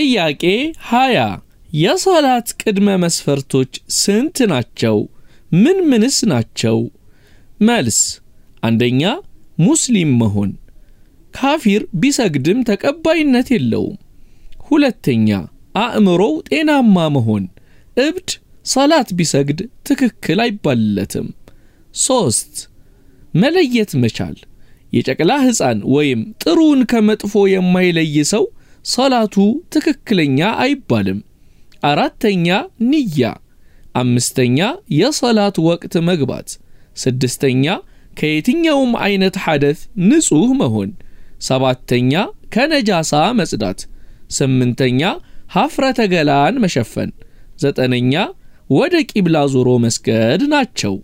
ጥያቄ 20 የሰላት ቅድመ መስፈርቶች ስንት ናቸው? ምን ምንስ ናቸው? መልስ፣ አንደኛ ሙስሊም መሆን፣ ካፊር ቢሰግድም ተቀባይነት የለውም። ሁለተኛ አእምሮው ጤናማ መሆን፣ እብድ ሰላት ቢሰግድ ትክክል አይባልለትም። ሶስት መለየት መቻል፣ የጨቅላ ሕፃን ወይም ጥሩን ከመጥፎ የማይለይ ሰው ሰላቱ ትክክለኛ አይባልም። አራተኛ ንያ፣ አምስተኛ የሰላት ወቅት መግባት፣ ስድስተኛ ከየትኛውም አይነት ሐደት ንጹሕ መሆን፣ ሰባተኛ ከነጃሳ መጽዳት፣ ስምንተኛ ሐፍረተ ገላን መሸፈን፣ ዘጠነኛ ወደ ቂብላ ዞሮ መስገድ ናቸው።